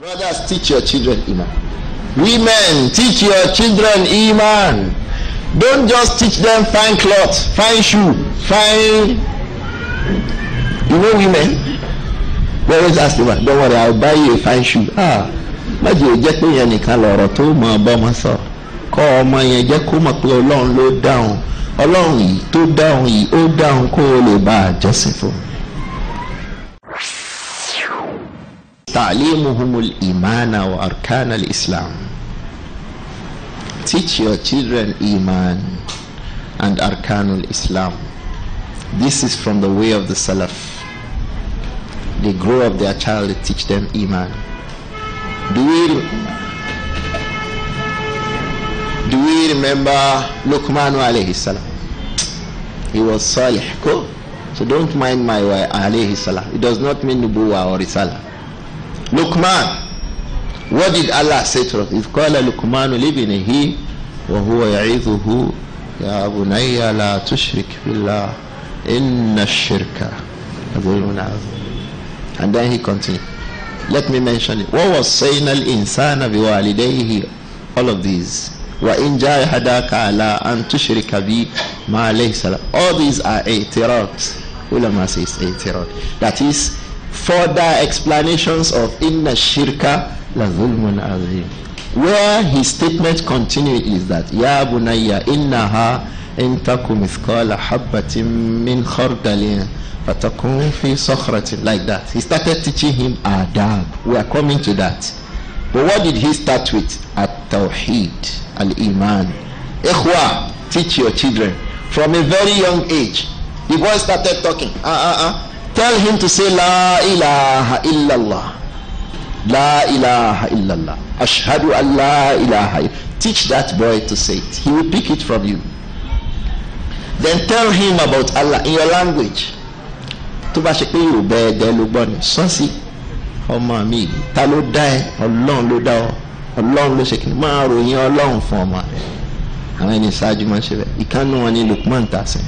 Brothers, teach your children Iman. Women, teach your children Iman. Don't just teach them fine cloth, fine shoe, fine. You know women? We always ask them, don't worry, I'll buy you a fine shoe. Ah, má jẹ́ jẹ́ pé yẹn nìkan lọ̀rọ̀ tó mọ ọba ọmọ sọ. Kọ́ ọmọ yẹn jẹ́ kó mọ̀ pé Ọlọ́run ló dáhùn. Ọlọ́run yìí tó dáhùn yìí ó dáhùn kó ta'limuhumul imana wa arkan al-islam teach your children iman and arkanul islam this is from the way of the salaf they grow up their child they teach them iman do we do we remember Luqman alayhi salam he was salih so don't mind my way alayhi salam it does not mean nubuwa or risala Luqman. What did Allah say to us? If Kala Lukmanu living in he, وَهُوَ يَعِذُهُ يَا بُنَيَّ لَا تُشْرِكْ بِاللَّهِ إِنَّ الشِّرْكَ أَبُونَ عَظِيمٌ And then he continued. Let me mention it. What was وَوَصَّيْنَا الْإِنسَانَ بِوَالِدَيْهِ All of these. وَإِنْ جَاهَدَاكَ عَلَىٰ أَنْ تُشْرِكَ بِي مَا لَيْسَ All these are اعتراض. Ulama says اعتراض. That is, further explanations of inna shirka la zulmun azim where his statement continue is that ya bunayya innaha in takum mithqala habatin min khardalin fatakun fi sakhratin like that he started teaching him adab we are coming to that but what did he start with at-tawheed al-iman ikhwa teach your children from a very young age the boy started talking ah ah ah tell him to say la ilaha illallah la ilaha illallah ashhadu an la ilaha teach that boy to say it he will pick it from you then tell him about Allah in your language tó bá ṣe pé yorùbá ẹ̀dẹ́ ló gbọ́ ni sọ́ọ̀sì ọmọ mi ta ló dá ẹ ọlọ́run ló dá ọ ọlọ́run ló ṣe kí ni máa ròyìn ọlọ́run fún ọmọ rẹ àwọn ẹni ṣáájú máa ń ṣe bẹ́ẹ̀ ìkànnì wọn ni Lukman tàṣẹ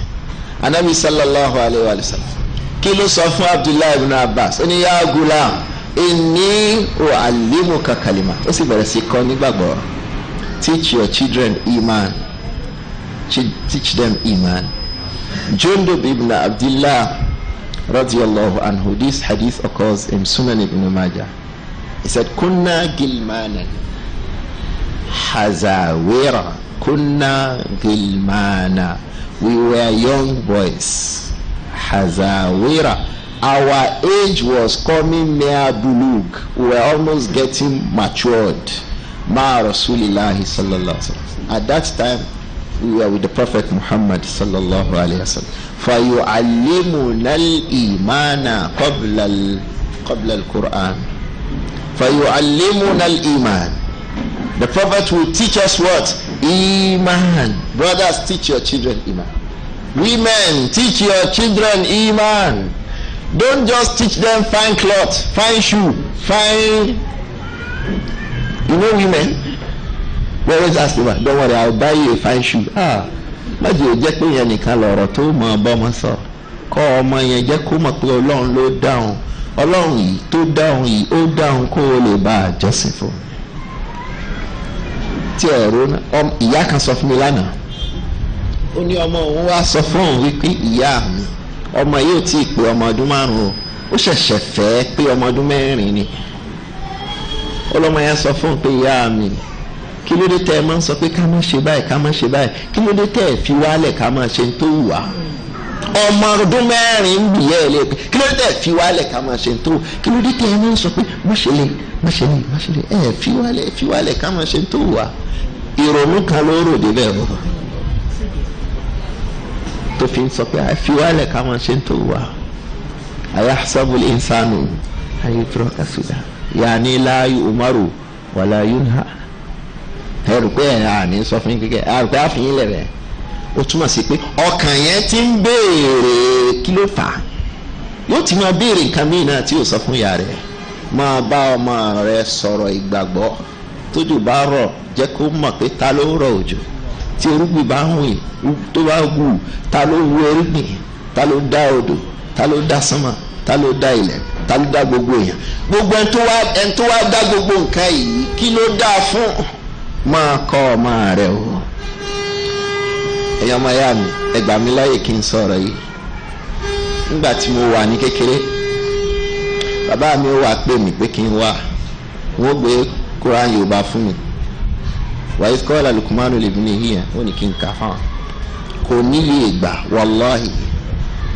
anabi sallallahu alayhi wa sallam kí ló sọ fún abdullahi ibn abbas ó ní yá gulam inni uallimuka kalima ó sì bẹ̀rẹ̀ sí kọ́ nígbàgbọ́ teach your children iman teach them iman jundub ibn abdullah radiyallahu anhu this hadith occurs in sunan ibn majah he said kunna gilmanan hazawera. kunna gilmana we were young boys Hazawira. Our age was coming near Bulug. We were almost getting matured. Ma Rasulillahi sallallahu alayhi wa sallam. At that time, we were with the Prophet Muhammad sallallahu alayhi wa sallam. فَيُعَلِّمُنَا الْإِيمَانَ قَبْلَ قَبْلَ الْقُرْآنِ فَيُعَلِّمُنَا الْإِيمَانَ The Prophet will teach us what? Iman. Brothers, teach your children Iman. Women, teach your children Iman. Don't just teach them fine cloth, fine shoe, fine. You know women? They always ask me, don't worry, I'll buy you a fine shoe. Ah, má jẹ́ jẹ́ pé yẹn nìkan lọ̀rọ̀ tó mọ̀ ọba ọmọ sọ. Kọ́ ọmọ yẹn jẹ́ kó mọ̀ pé Ọlọ́run ló dáhùn. Ọlọ́run yìí tó dáhùn yìí ó dáhùn kó o lè bá a jọ́sìn fún. Tí ẹ̀rọ ìyá kan sọ fún mi lánàá ó ní ọmọ òun wá sọ fún òun wípé ìyá mi ọmọ yìí ò tí ì pé ọmọ ọdún márùn-ún ó ṣẹ̀ṣẹ̀ fẹ́ pé ọmọ ọdún mẹ́rin ni ọlọ́mọ yẹn sọ fún un pé ìyá mi kí ló dé tẹ́ ẹ máa ń sọ pé ká má ṣe báyìí ká má ṣe báyìí kí ló dé tẹ́ ẹ fi wálẹ̀ ká má ṣe tó wù wá ọmọ ọdún mẹ́rin ń bì yẹ́ ẹ lé pé kí ló dé tẹ́ ẹ fi wálẹ̀ ká má ṣe tó kí ló dé tẹ́ ẹ máa ń sọ pé má ṣe lè má ṣe lè má ṣe lè ẹ fi wálẹ̀ fi wálẹ̀ ká má ṣe tó wù wá ìrònú kan ló rò débẹ̀ o tó fi ń sọ pé àfiwálẹ̀ káwọn ṣe ń tó wà ayahsabu al-insanu an yutraka suda yaani la yu'maru wala yunha ẹ rò pé ẹ àní sọ fún yín kékeré ẹ rò pé àfin yín lẹ̀rẹ̀ ó túmọ̀ sí pé ọkàn yẹn ti ń béèrè kí ló fà á yóò ti máa béèrè nǹkan míì náà tí yóò sọ fún ìyá rẹ̀ máa bá ọmọ rẹ sọ̀rọ̀ ìgbàgbọ́ tójú bá rọ̀ jẹ́ kó mọ̀ pé ta ló rọ̀ òjò. tí erúgbìn bá ń wìn tó bá wù ta ló wú erúgbìn ta ló dá odò ta ló dá sánmà ta ló dá ilẹ̀ ta ló dá gbogbo èèyàn gbogbo ẹni tó wá ẹni tó wá dá gbogbo nǹkan yìí kí ló dá fún máa kọ́ ọmọ rẹ̀ o ẹ̀yin ọmọ ìyá mi ẹgbà láyè kí n sọ̀rọ̀ yìí nígbà tí mo wà ní kékeré bàbá mi wà pé kí n wàyí kọ́lá lukumanu lè wa kò níye ìgbà wàláhì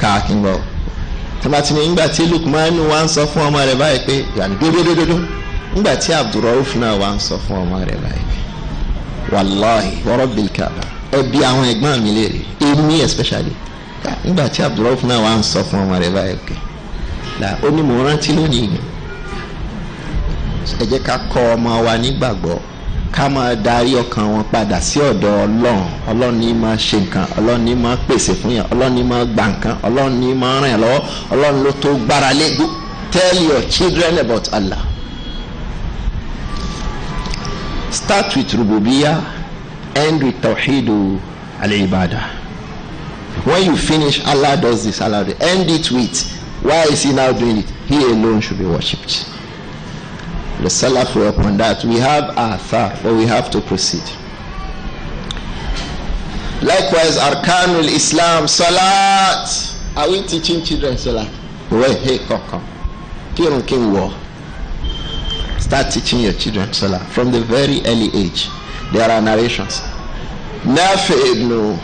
káàkiri bọ̀ tọ́mátì ní ìgbà tí lukumanu wá ń sọ fún ọmọ rẹ̀ báyìí pé yàrá dódódódó ìgbà tí abdulrauf náà wá mi léèrè especially nígbà tí abdulrauf náà wá ká máa darí ọkàn wọn padà sí ọ̀dọ̀ ọlọ́run ọlọ́run máa ṣe nǹkan ọlọ́run máa pèsè fún yàn ọlọ́run máa gba nǹkan ọlọ́run máa ràn yàn lọ́wọ́ ọlọ́run ló tó gbára lé tell your children about Allah start with rububiya end with tawhidu al-ibada when you finish Allah does this Allah end it with why is he now doing it he alone should be worshipped. The Salaf were upon that. We have Athar, but we have to proceed. Likewise, Arkanul Islam, Salat. Are we teaching children Salat? Well, hey, come, come. Kirun King War. Start teaching your children Salat from the very early age. There are narrations. Nafi ibn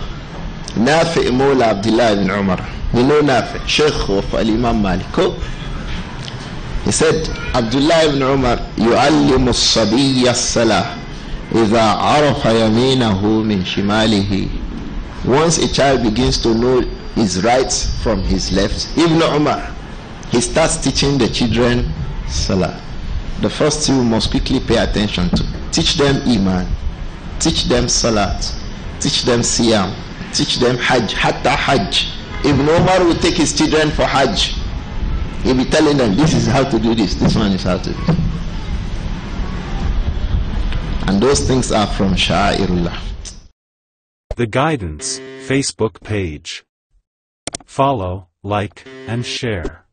Nafi Mawla Abdullah ibn Umar. You know Nafi, Sheikh of Imam Malik. He said, Abdullah ibn Umar, يُعَلِّمُ الصَّبِيَّ الصَّلَاةِ إِذَا عَرَفَ يَمِينَهُ مِنْ شِمَالِهِ Once a child begins to know his right from his left, Ibn Umar, he starts teaching the children Salah. The first two must quickly pay attention to. Teach them Iman, teach them Salat, teach them Siyam, teach them Hajj, Hatta Hajj. Ibn Umar will take his children for Hajj. He'll be telling them, this is how to do this, this one is how to do And those things are from Sha'irullah. The Guidance Facebook page. Follow, like, and share.